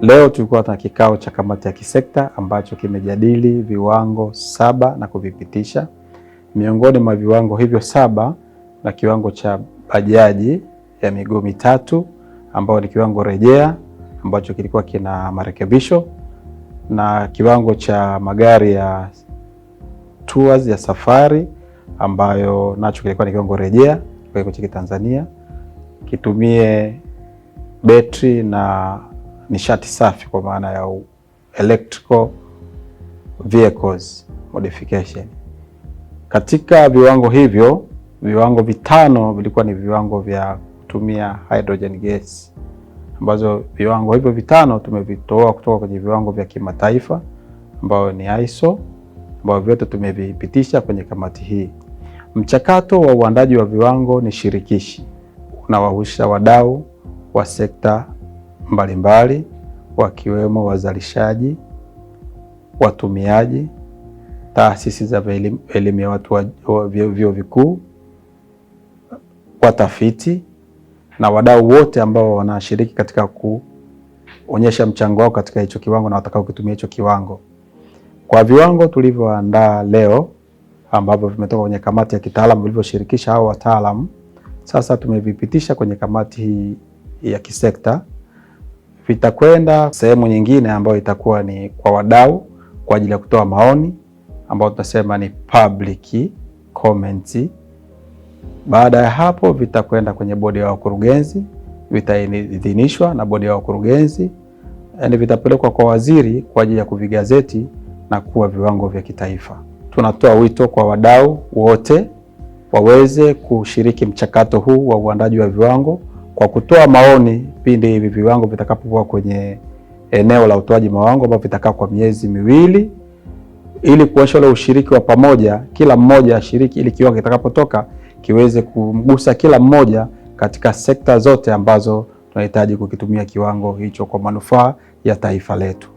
Leo tulikuwa na kikao cha kamati ya kisekta ambacho kimejadili viwango saba na kuvipitisha. Miongoni mwa viwango hivyo saba na kiwango cha bajaji ya miguu mitatu ambayo ni kiwango rejea ambacho kilikuwa kina marekebisho na kiwango cha magari ya tours ya safari ambayo nacho kilikuwa ni kiwango rejea kwa Tanzania kitumie betri na nishati safi kwa maana ya electrical vehicles modification. Katika viwango hivyo, viwango vitano vilikuwa ni viwango vya kutumia hydrogen gas, ambazo viwango hivyo vitano tumevitoa kutoka kwenye viwango vya kimataifa ambayo ni ISO, ambayo vyote tumevipitisha kwenye kamati hii. Mchakato wa uandaji wa viwango ni shirikishi, unawahusisha wadau wa sekta mbalimbali wakiwemo wazalishaji, watumiaji, taasisi za elimu ya watu wa vyuo vikuu, watafiti na wadau wote ambao wanashiriki katika kuonyesha mchango wao katika hicho kiwango na watakao kutumia hicho kiwango. Kwa viwango tulivyoandaa leo ambavyo vimetoka kwenye kamati ya kitaalamu vilivyoshirikisha hao wataalamu, sasa tumevipitisha kwenye kamati hii ya kisekta. Vitakwenda sehemu nyingine ambayo itakuwa ni kwa wadau kwa ajili ya kutoa maoni ambayo tunasema ni public comment. Baada ya hapo, vitakwenda kwenye bodi ya wakurugenzi, vitaidhinishwa na bodi ya wakurugenzi, yaani vitapelekwa kwa waziri kwa ajili ya kuvigazeti na kuwa viwango vya kitaifa. Tunatoa wito kwa wadau wote waweze kushiriki mchakato huu wa uandaji wa viwango kwa kutoa maoni pindi hivi viwango vitakapokuwa kwenye eneo la utoaji mawango ambao vitakaa kwa miezi miwili, ili kuonyesha ule ushiriki wa pamoja, kila mmoja ashiriki, ili kiwango kitakapotoka kiweze kumgusa kila mmoja katika sekta zote ambazo tunahitaji kukitumia kiwango hicho kwa manufaa ya taifa letu.